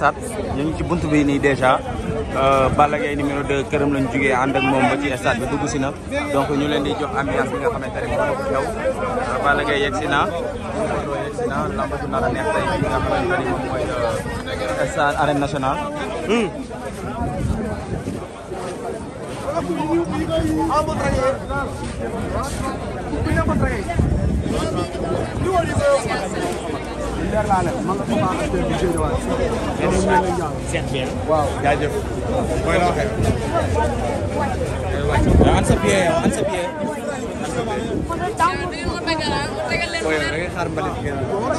stade ñu ngi ci bunt bi nii dèjà euh, Balla Gaye numéro 2 këram lañ jugee ànd ak moom ba ci stade bi si na donc ñu leen di jox ambiance bi nga xamante ne moom moo xew euh, Balla Gaye yegg na yegg nga xamante ne moom mooy euh, leer laa leen man la ma acteur bi jënd waat. waaw jaajëf. mooy loo xew. waaw an sa pied yow an sa pied. mooy yow da ngay xaar mbalit ngeen. waaw.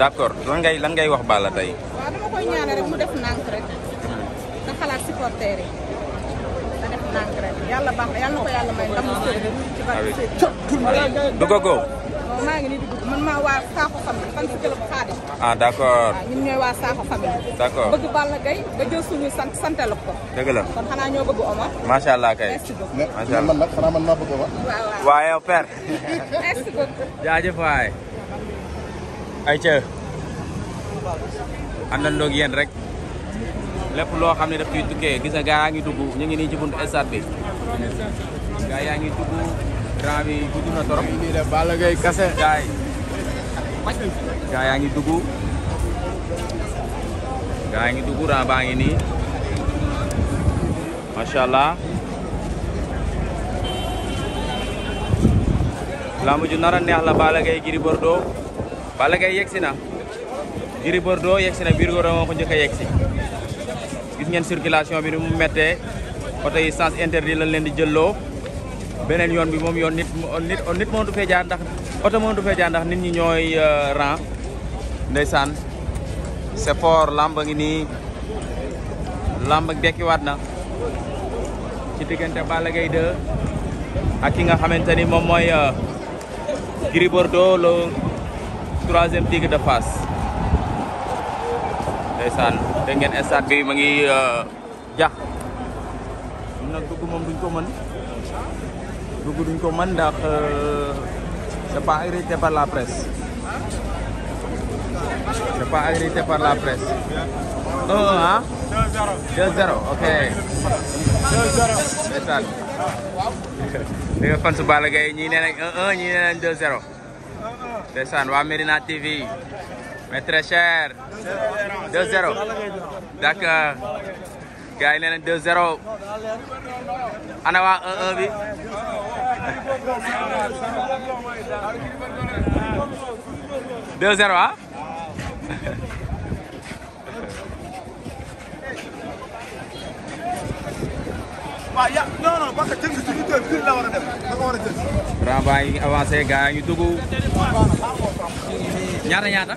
d' accord lan ngay ngay wax Balla tey. waaw dama koy ñaanal rek def nànk rek nga xalaat supporter yi nga def nànk rek yàlla ko ah maa ngi nii di dugg man maa waa Sakho famille fan si club ah, ñun ñooy waa Sakho famille. d' accord bëgg Balla Gaye ba jël suñu sant santal ko. dëgg la kon allah kay macha allah waaye père. merci beaucoup. jaajëf waay. ay ca àndandoog yéen rek lépp loo xam ne daf ciy tukkee gis nga gaa yaa ngi dugg ñu ngi nii ci buntu stade bi gaa yaa ngi dugg grand bi gudd na torop Balla Gaye kase gaay gaa yaa ngi dugg gaa yaa ngi dugg ran baa ngi nii macha allah laamu ju nar a neex la Balla Gaye Gris Bordeaux Balla Gaye yegsi na Gris Bordeaux yegsi na Gris Bordeaux moo ko njëkk a yegsi gis ngeen circulation bi ni mu méttee oto yi sens interdit lañ leen di jëlloo beneen yoon bi moom yoon nit nit nit moom du fee jaar ndax oto moom du fee jaar ndax nit ñi ñooy euh, rang ndeysaan c'est fort lamb ngi nii lamb dekkiwaat na ci diggante Balla Gaye 2 ak ki nga xamante ni moom mooy euh, Gris Bordeaux troisième digue de Fass ndeysaan dégg ngeen stade bi ma ngi euh, jax mun nag dugg moom duñ ko mën duñ ko mën ndax euh, c'est pas arrêté par la presse c'est pas arrêté par la presse ah 2-0 ok 2-0 ndeysaan di nga fan su Balla Gaye ñii nee nañ 1-1 ñii nee ndeysaan waa Médina TV mais cher 2-0 d'accord gars yi nee nañ 2 waa 1-1 e e bi deux zéro a courant baa ngi avancé gars yi ñu dugg ñaata ñaata.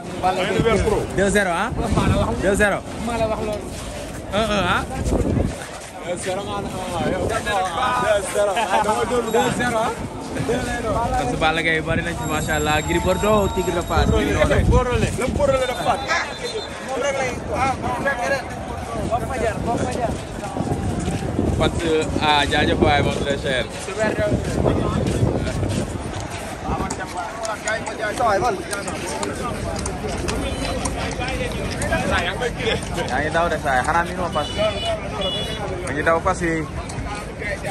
2-0 ah. 2-0. 1-1 ah. 2-0 ah. kon su Balla Gaye bari nañ ci macha allah Gris Bordeaux Tigre de Fass mi ngi noonu. Fatou ah jaajëf waay moom très cher. yaa ngi daw de daw fas yi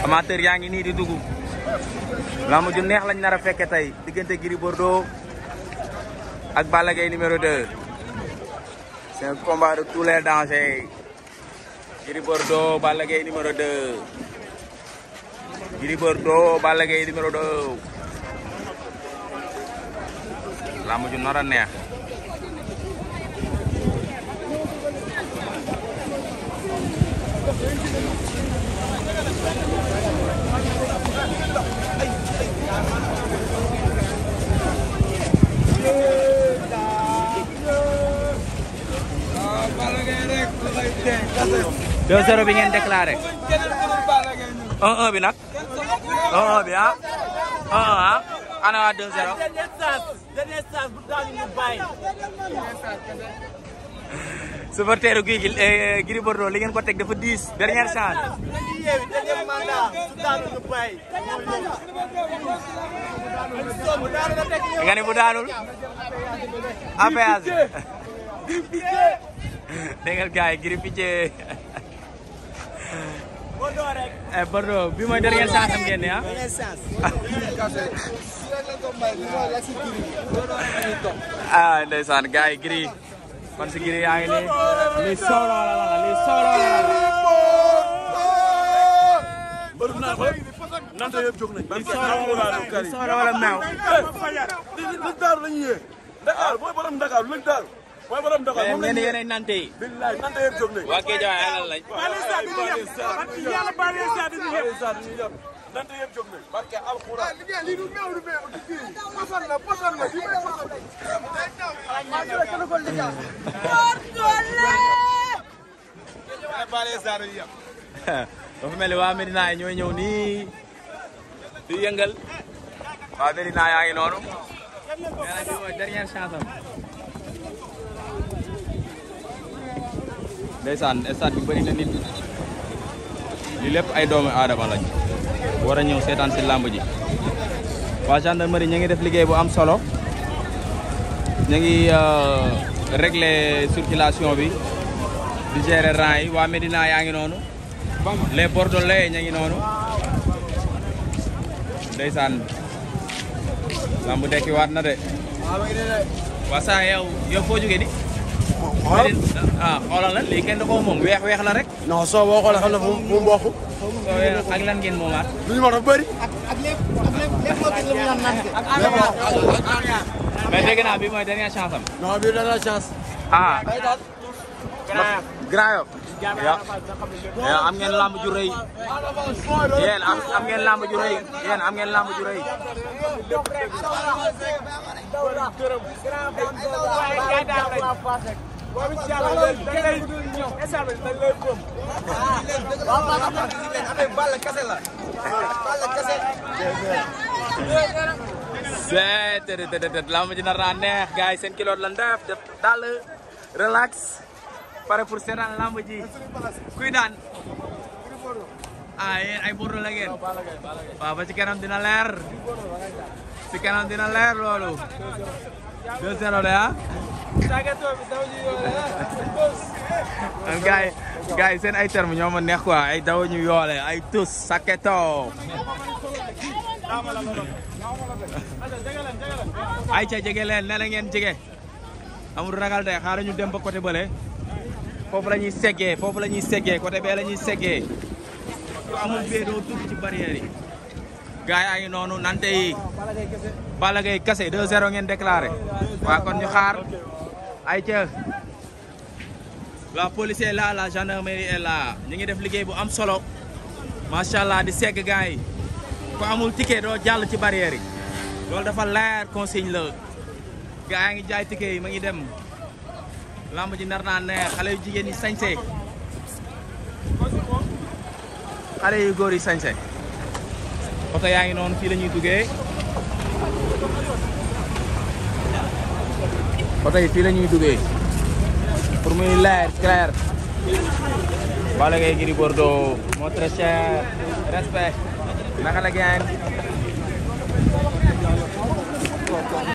amateur yaa ngi nii di dugg lamb ju neex lañ nar a fekke tey diggante Gris Bordeaux ak Balla Gaye numéro 2 c'est un combat de tous les dangers Gris Bordeaux Balla Gaye numéro 2 Bordeaux Balla Gaye numéro làmb ju nar a neex deux zéro bi ngeen déclaré un bi nag un un ana waa 2-0. supporter guy gi Gris Bordeaux li ngeen ko teg dafa diis dernière chance. nga ne bu daanul. APS. dégg nga gars yi Gris Piqué Bordeaux bi mooy dernière chance am ngeen ah. ah ndeysaan gars yi gris kon si gris yaa ngi nii li solo la la li solo la la. nante yëpp jóg nañu. li solo wala meew. li solo wala meew. Dakar booy borom Dakar lu lañ daal. mooy borom dogal moom la ñu yéen ay nante yi. billaay nante yëpp jóg nañu. waa Kéja waaye alal lañ. Palestine bi ñu yem parce que yàlla Palestine bi ñu yem. Palestine bi ñu yem nante yëpp jóg nañu. barke alxuraan. Ah, lii du meew du meew kii poson la poson la. Palestine bi ñu yem. dafa mel ni waa Medina yi ñooy ñëw nii di yëngal. waa Medina yaa ngi noonu. mais nag bii mooy dernière chance am. ndeysaan stade bi bëri na nit li lépp ay doomu aadama lañ war a ñëw seetaan si làmb ji waa gendarmerie ñu ngi def liggéey bu am solo ñu ngi euh, régler circulation bi di gérer rang yi waa Médina yaa ngi noonu les bordelais ña ngi noonu ndeysaan làmb dekki waat na de waa saa yow yow foo jógee di xoolal ah xoolal lan lii kenn da koo moom weex weex la rek. non soo boo xoolee xam na fu a bëri. ak ak lépp ak lépp lépp naa bii mooy dernière chance am. non bii dernière ah. ngeen lamb ju rëy ngeen lamb ju moom it yàlla da ngay écharpe bi dañ lay dina raa kilo lan def def daal relax pare pour lamb ji kuy daan ay bordo la ngeen ba ci kanam dina leer ci kanam dina leer loolu 2-0 de ah gars yi gars ay termes ñoo ma neex quoi ay daw ñu yoole ay tus saketo ay ca jege leen ngeen jege amul ragal de xaaral ñu dem ba côté bële foofu la ñuy seggee foofu la ñuy seggee côté bee la ñuy seggee amu amul bee doo ci barrière gaay yaa noonu nante yi Balla Gaye kese 2-0 ngeen déclaré waa kon ñu xaar ayca la police est la gendarmerie est là ñu ngi def liggéey bu am solo macha allah di seg gars yi ku amul ticket doo jàll ci barrière yi loolu dafa leer consigne la gars ngi jaay ticket yi ma ngi dem lamb ji nar naa neex xale yu jigéen yi sañse xale yu góor yi sañse oto yaa ngi noonu fii la ñuy duggee oto yi fii la ñuy duggee pour muy leer clair. Balla Gaye Gris Bordeaux montre cher respect naka la